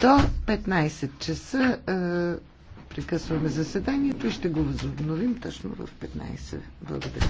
До 15 часа прекъсваме заседанието и ще го възобновим точно в 15. Благодаря.